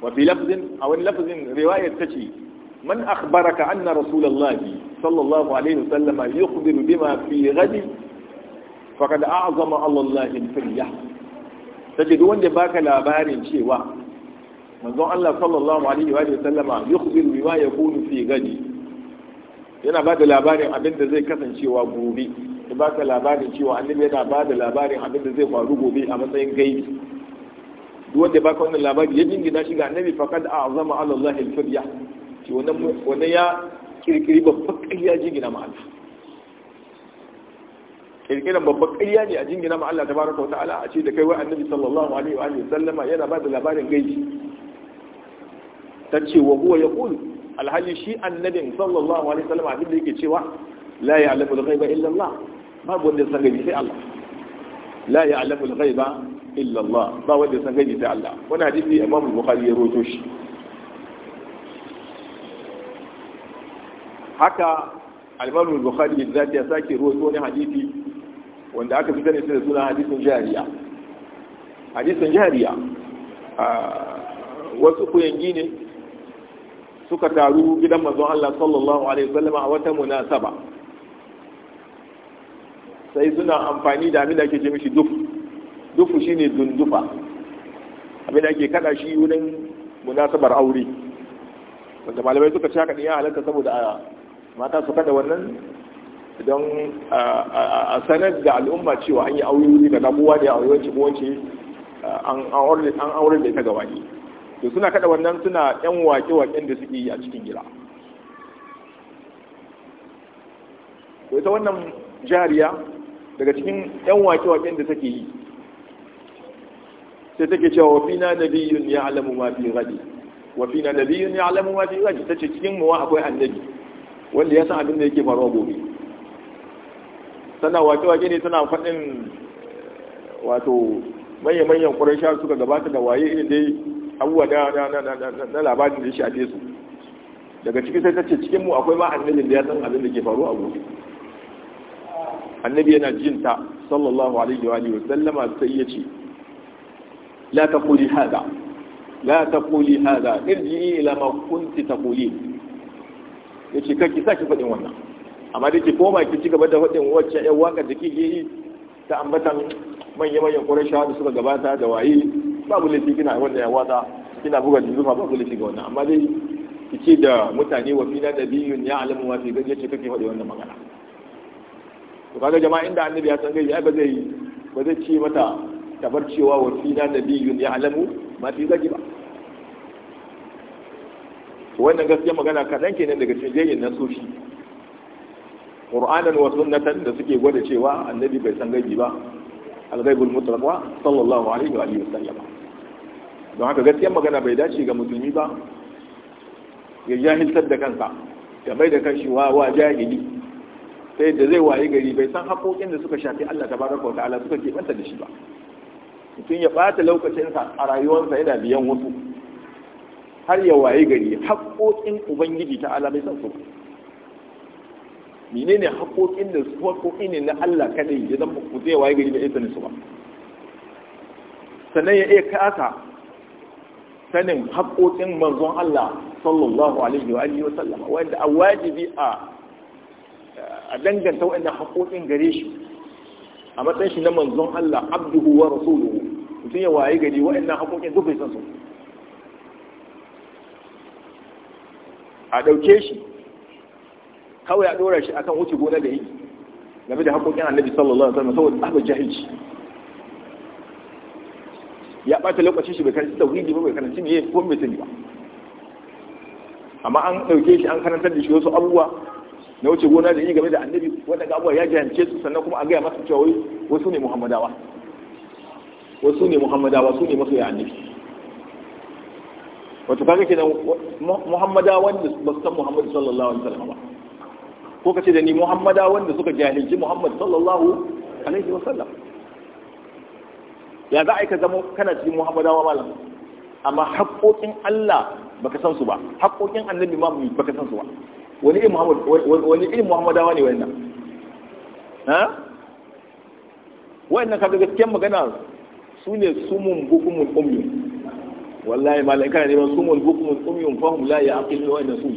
wa fi lafzin aw lafzin riwayat tace man akhbaraka anna rasulullahi sallallahu alaihi wa sallama yukhbiru bima fi ghadi faqad a'zama Allah al-firya tace duk wanda ya baka labarin cewa manzon Allah sallallahu alaihi wa sallama yukhbir bima yakunu fi gadi yana ba da labarin abin da zai kasancewa gobe ya ba ka labarin cewa annabi yana ba da labarin abin da zai faru gobe a matsayin gaibi duk wanda baka wannan labari ya jingina shi ga annabi faqad a'zama ala Allah al-firya shi wannan wannan ya kirkiri babban ƙarya jingina ma Allah kirkiran babban ƙarya ne a jingina ma Allah tabaraka wa ta'ala a ce da kai wai annabi sallallahu alaihi wa sallama yana ba da labarin gaibi ta ce wa huwa ya yaqul alhali shi annabin sallallahu alaihi wasallam abin da yake cewa la ya'lamu al-ghaiba illa Allah babu wanda san gaibi sai Allah la ya'lamu al-ghaiba illa Allah ba wanda san gaibi sai Allah wannan hadisi Imam Bukhari ya rawaito shi haka al-Imam Bukhari bizzat ya sake rawaito wani hadisi wanda aka fi fitar da shi suna hadisin jariya hadisin jariya ah, wasu kuyangi ne suka taru gidan mazan Allah sallallahu alaihi wasallam a wata munasaba sai suna amfani da abin da ake dufu dufu duf dufu shine dundufa abin da ake kada shi wurin munasabar aure wanda malamai suka shaka ne ya halatta saboda mata su kada wannan don a sanar da al'umma cewa an yi aure wuri da kowa da a aure wance wance an aure da ta gabani to suna kada wannan suna yan wake-waken da suke yi a cikin gida ko ita wannan jariya daga cikin yan wake-waken da take yi sai take cewa wafina nabiyun ya alamu ma fi gadi wafina nabiyun ya alamu ma fi gadi ce, cikin muwa akwai annabi wanda ya san abin da yake faruwa gobe tana wake-wake ne tana faɗin wato manya-manyan ƙwarar suka gabata da waye irin dai abubuwa na labarin da ya shafe su daga ciki sai ta ce cikin mu akwai ma annabin da ya san abin da ke faru a gobe annabi yana jin ta sallallahu alaihi wa alihi sallama sai ya ce la taquli hada la taquli hada irji ila ma kunti taquli yace ki saki fadin wannan amma da ke koma ki cigaba da faɗin wacce ‘yan waka da kike yi ta ambatan manya-manyan ƙurashawa da suka gabata da waye babu laifi kina wanda ya wata kina buga zufa babu laifi ga wannan amma dai ki ce da mutane wa fina da biyun ya alamu wa fi gaje kake faɗi wannan magana to kaga jama'a inda annabi ya san gai, ai ba zai ba zai ce mata tabar cewa wa fina da biyun ya alamu ma fi gaji ba to wannan gaskiya magana kaɗan kenan daga cikin jayin na soshi qur'anan wa sunnatan da suke gwada cewa annabi bai san gaji ba alghaibul mutlaq wa sallallahu alaihi wa alihi wasallam don haka gaskiya magana bai dace ga musulmi ba ya jahiltar da kansa ya bai da kanshi wa wa jahili sai da zai waye gari bai san haƙoƙin da suka shafi Allah tabaraka wa ta'ala suka keɓanta da shi ba mutum ya ɓata lokacinsa a rayuwarsa yana biyan wasu har ya waye gari haƙoƙin ubangiji ta'ala bai san su menene haƙoƙin da su haƙoƙi ne na Allah kaɗai ya zama ku zai waye gari da isa su ba sannan ya iya kasa sanin haƙoƙin manzon Allah sallallahu alaihi wa alihi wa sallama wanda a wajibi a a danganta waɗannan haƙoƙin gare shi a matsayin shi na manzon Allah abduhu wa rasuluhu mutum ya waye gari wa'annan haƙoƙin duk bai san su a ɗauke shi kawai a dora shi akan wuce gona da yi game da haƙoƙin annabi sallallahu alaihi wasallam saboda abu jahilci ya ɓata lokacin shi bai karanta tauhidi ba bai karanci ne ko bai sani ba amma an ɗauke shi an karantar da shi wasu abubuwa na wuce gona da yi game da annabi ga abubuwa ya jahilce su sannan kuma a gaya masa cewa wasu ne muhammadawa wasu ne muhammadawa su ne ya annabi wato kaga kenan muhammadawa wanda ba su san muhammadu sallallahu alaihi wasallam ba ko ka ce da ni muhammada wanda suka jahilci muhammad sallallahu alaihi wasallam ya za a yi ka zama kana cikin muhammadawa malam amma haƙoƙin allah baka san su ba haƙoƙin annabi ma baka san su ba wani irin muhammad wani irin muhammadawa ne wannan ha wannan kaga gaskiyar magana su ne sumun bukumul ummi wallahi mala'ika ne ba sumun bukumul ummi fahimu la ya'qilu wa inna su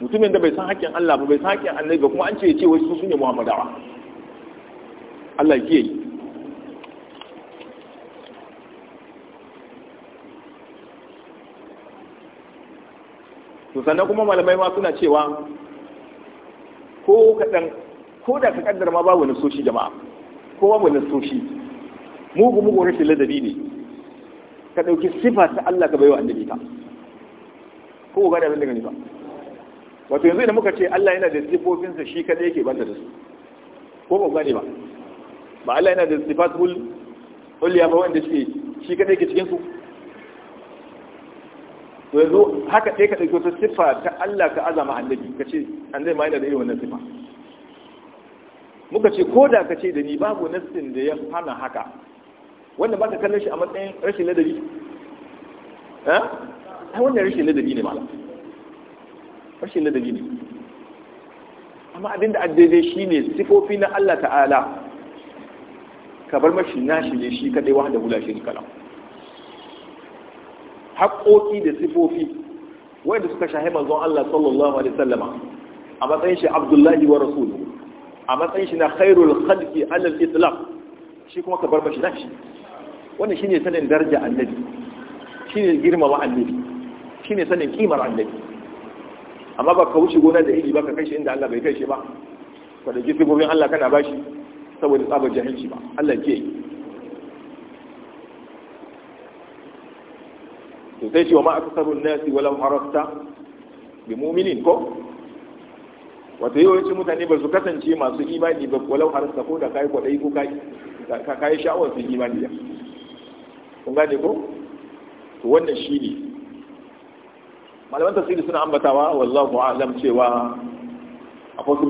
mutumin da bai san haƙƙin Allah ba bai san haƙƙin Allah ba kuma an ce ce wai su sune muhammadawa Allah ke yi to sannan kuma malamai ma suna cewa ko kaɗan ko da ka ƙaddar ma babu nasoshi jama'a ko babu nasoshi mugu mugu rashin ladabi ne ka ɗauki sifa ta Allah ka baiwa annabi ta ko ga da abin da gani ba wato yanzu da muka ce Allah yana da sifofinsa shi kada yake banda da su ko ba gane ba ba Allah yana da sifatul uliya ba wanda shi shi kada yake cikin su to yanzu haka sai ka dauko ta sifa ta Allah ka azama annabi ka ce annabi ma yana da irin wannan sifa muka ce ko da ka ce da ni babu nassin da ya hana haka wanda ba ka kallon shi a matsayin rashin ladabi eh wannan rashin ladabi ne malam rashin ladabi ne amma abin da addaidai shi ne sifofi na Allah ta'ala ka bar mashi nashi ne shi kaɗai wahda hula shi kala haƙoƙi da sifofi wanda suka shahi manzon Allah sallallahu alaihi wasallama a matsayin shi Abdullahi wa rasuluhu a matsayin shi na khairul khalqi ala al-islam shi kuma ka bar mashi nashi wannan shine sanin daraja annabi shine girmama annabi shine sanin kimar annabi amma ba ka wuce gonar da iri ba ka kai shi inda Allah bai kai shi ba ka dauki gobe, Allah kana bashi saboda tsabar jahilci ba Allah ke to sai cewa ma saru nasi walau harasta bi mu'minin ko wato yace mutane ba su kasance masu imani ba walau harasta ko da kai kwadai ko kai ka kai sha'awar su imani ya? kun gane ko to wannan shi ne. malaman tafsiri suna ambatawa wallahu a'lam cewa akwai su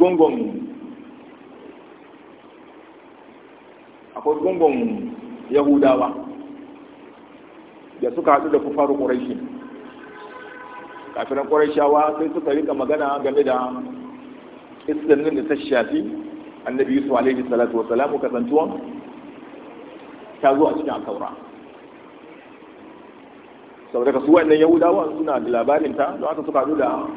gungun yahudawa da suka haɗu da kufaru ƙuraishi kafinan ƙuraishawa sai suka rika magana game da islamin da ta shafi annabi yusuf alaihi salatu kasantuwan ta zo a cikin asaura saboda ka su wannan yahudawa suna da labarin ta don haka suka nuna da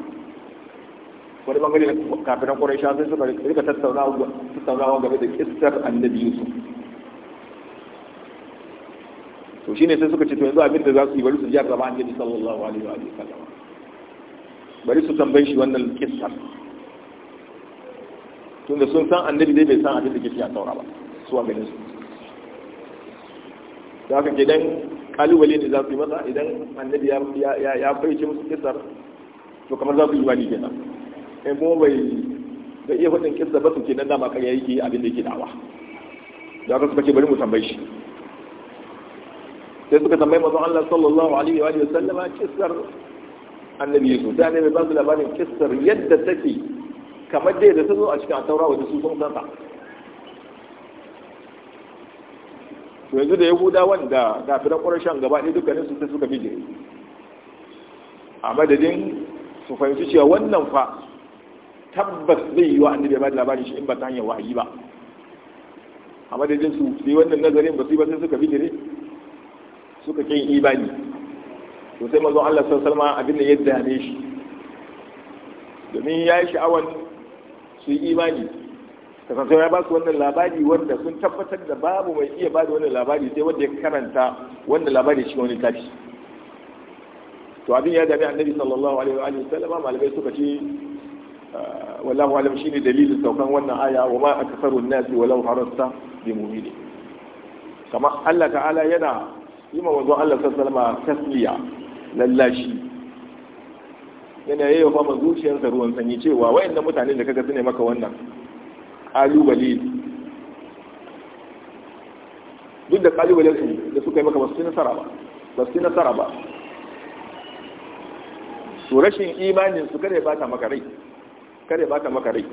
wani bangare na kafinan ƙuraisha sai suka rika tattaunawa game da kistar annabi yusuf to shine sai suka ce to yanzu abin da za su yi bari su jiya gaba annabi sallallahu alaihi wa sallam bari su tambayi shi wannan kistar. tunda sun san annabi dai bai san abin da ke a saura ba su wa ganin su da haka ke dan kalubale ne za su yi masa idan annabi ya fahimci musu kisar to kamar za su yi wani kenan in kuma bai da iya faɗin kisar ba su nan dama kan yayi ke abin da yake dawa da aka suka ce bari mu tambaye shi sai suka tambayi mazan Allah sallallahu alaihi wa sallama kisar annabi Yusuf da ne bai ba su labarin kisar yadda take kamar dai da ta zo a cikin taura wajen su sun santa to yanzu da wanda na kafiran shan gaba ɗaya dukkanin su suka bijire a madadin su fahimci cewa wannan fa tabbas zai yi wa annabi ba da labarin shi in ba ta hanyar wa'ayi ba a madadin su sai wannan nazarin ba su ba sai suka bijire suka kin ibani to sai mazan Allah sallallahu salma abin da ya dame shi domin ya yi sha'awan su yi imani kasancewa ya ba su wannan labari wanda sun tabbatar da babu mai iya ba da wannan labari sai wanda ya karanta wannan labari shi wani tashi to abin ya dami annabi sallallahu alaihi wa sallama malamai suka ce ah, wallahu alam shine dalilin saukan wannan aya wa ma akasarun nasi walau harasta bi mu'mini kamar Allah ta'ala yana yi ma wanzon Allah sallallahu alaihi tasliya lallashi yana yayyafa ma zuciyarsa ruwan sanyi cewa wayannan mutanen da kaga su maka wannan kalubale duk da kalubale su da suka yi maka ba su nasara ba basu su nasara ba su rashin imanin su kada ya bata maka rai kada ya bata maka rai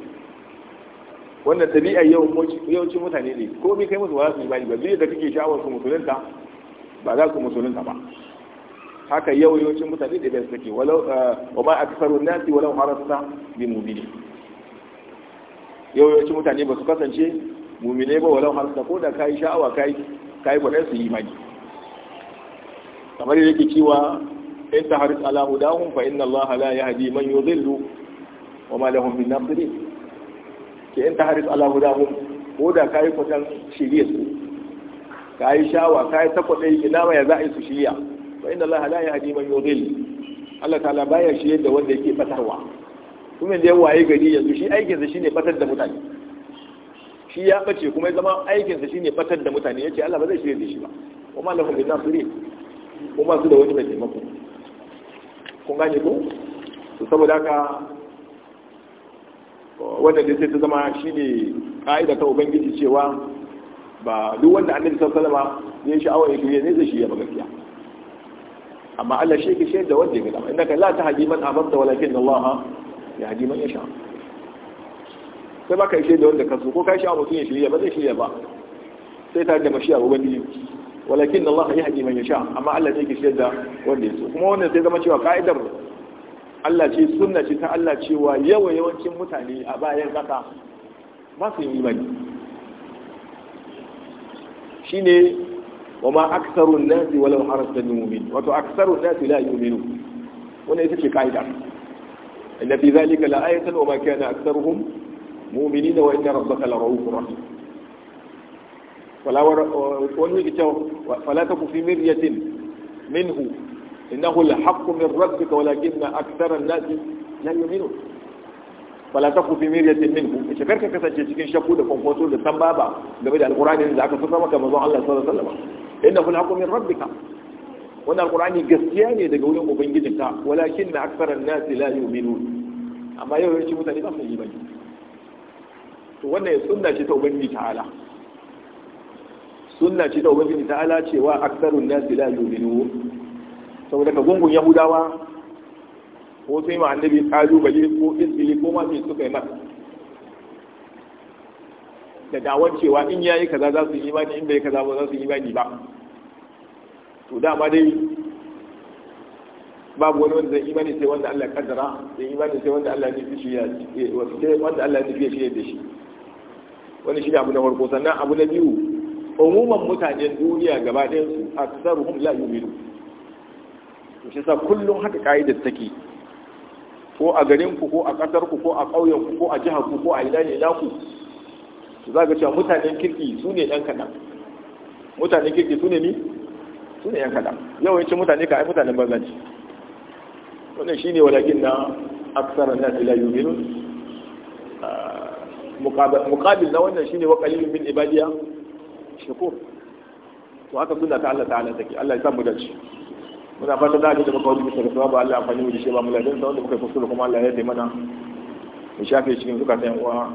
wannan tabi'a yawancin mutane ne ko mi kai musu ba za su imani ba zai da kake sha'awar su musulunta ba za su musulunta ba haka yawancin mutane da bai suke walau eh, wa ma aktharun nasi walau harasta bi mu'minin Yawancin mutane ba su kasance mumine ba walau har ko da kayi sha'awa ka yi kwaɗar su yi mani kamar yake cewa in ta haris ala hudahum fa inna allaha la yahdi man yudhillu wa ma lahum min nasirin ke in ta haris ala hudahum ko da yi kwatan shirya su yi sha'awa kayi ta kwaɗai ina ma ya za a yi su shirya fa inna allaha la yahdi man yudhillu Allah ta'ala baya shi da wanda yake fatarwa kuma da ya waye gari yanzu shi aikinsa shine fatar da mutane shi ya bace kuma ya zama aikinsa shine fatar da mutane yace Allah ba zai shirye da shi ba kuma kuma bi nasiri kuma su da wani mai taimako kun gane ko to saboda haka wanda da sai ta zama shine ka'ida ta ubangiji cewa ba duk wanda annabi sallallahu alaihi wasallam ya sha'awa ya shirye ne zai shirye ba gaskiya amma Allah shi ke shirye da wanda ya ga inda ka la tahdi man amanta walakin Allah ya haji man ya sha sai baka shi da wanda kasu ko ka sha mutum ya shirya ba zai shirya ba sai ta da mashiya wa wani walakin Allah ya haji man ya sha amma Allah zai kishiyar da wanda ya so kuma wannan sai zama cewa ka'idar Allah ce sunna ce ta Allah cewa yawa yawancin mutane a bayan kasa ba su yi imani shine wa ma aksarun nasi walau harasta mu'min wato aksarun nasi la yu'minu wannan ita ce ka'idar إن في ذلك لآية وما كان أكثرهم مؤمنين وإن ربك لرؤوف رحيم فلا ور... تك في مرية منه إنه الحق من ربك ولكن أكثر الناس لا يؤمنون فلا تك في مرية منه شكرك كسجد شكين شكود فنفوتون لسنبابا لبدا القرآن إذا أكثر سمك مزوع الله صلى الله عليه وسلم إنه الحق من ربك wani alkur'ani gaskiya ne daga wurin ta walakin na aksarar nasi la yu'minun amma yau yawanci mutane ba su yi bane to wannan ya sunna ce ta ubangiji ta'ala sunna ce ta ubangiji ta'ala cewa aksarun nasi la yu'minun saboda ka gungun yahudawa ko sai ma annabi kalubale ko izbili ko ma me suka yi mata da dawon cewa in yayi kaza za su yi imani in bai kaza ba za su yi imani ba to dama dai babu wani wanda zai imani sai wanda Allah ya kaddara zai imani sai wanda Allah ya nufi shi ya eh, sai wanda Allah ya nufi shi da shi wani shi abu na farko sannan abu na biyu umuman mutanen duniya gaba ɗayan su aksaruhum la yu'minu to shi sa kullum haka kaidar take ko a garin ku ko a kasar ku ko a ƙauyen ku ko a jihar ku ko a ina ne na ku za ga cewa mutanen kirki su ne ɗan kaɗan mutanen kirki su ne ni su ne yankada yawon cin mutane ka ai bazanci banzanci shi ne walakin na aksara na la yu'minun ah, mukabil na wannan shine wa qalilun min ibadiya shakur to haka suna ta Allah ta'ala take Allah ya samu dace muna fata da da muka wajibi sarki sababa Allah amfani mu da shi ba mu ladan sa wanda muka kusuru kuma Allah ya yarda mana mu shafe cikin zukatan uwa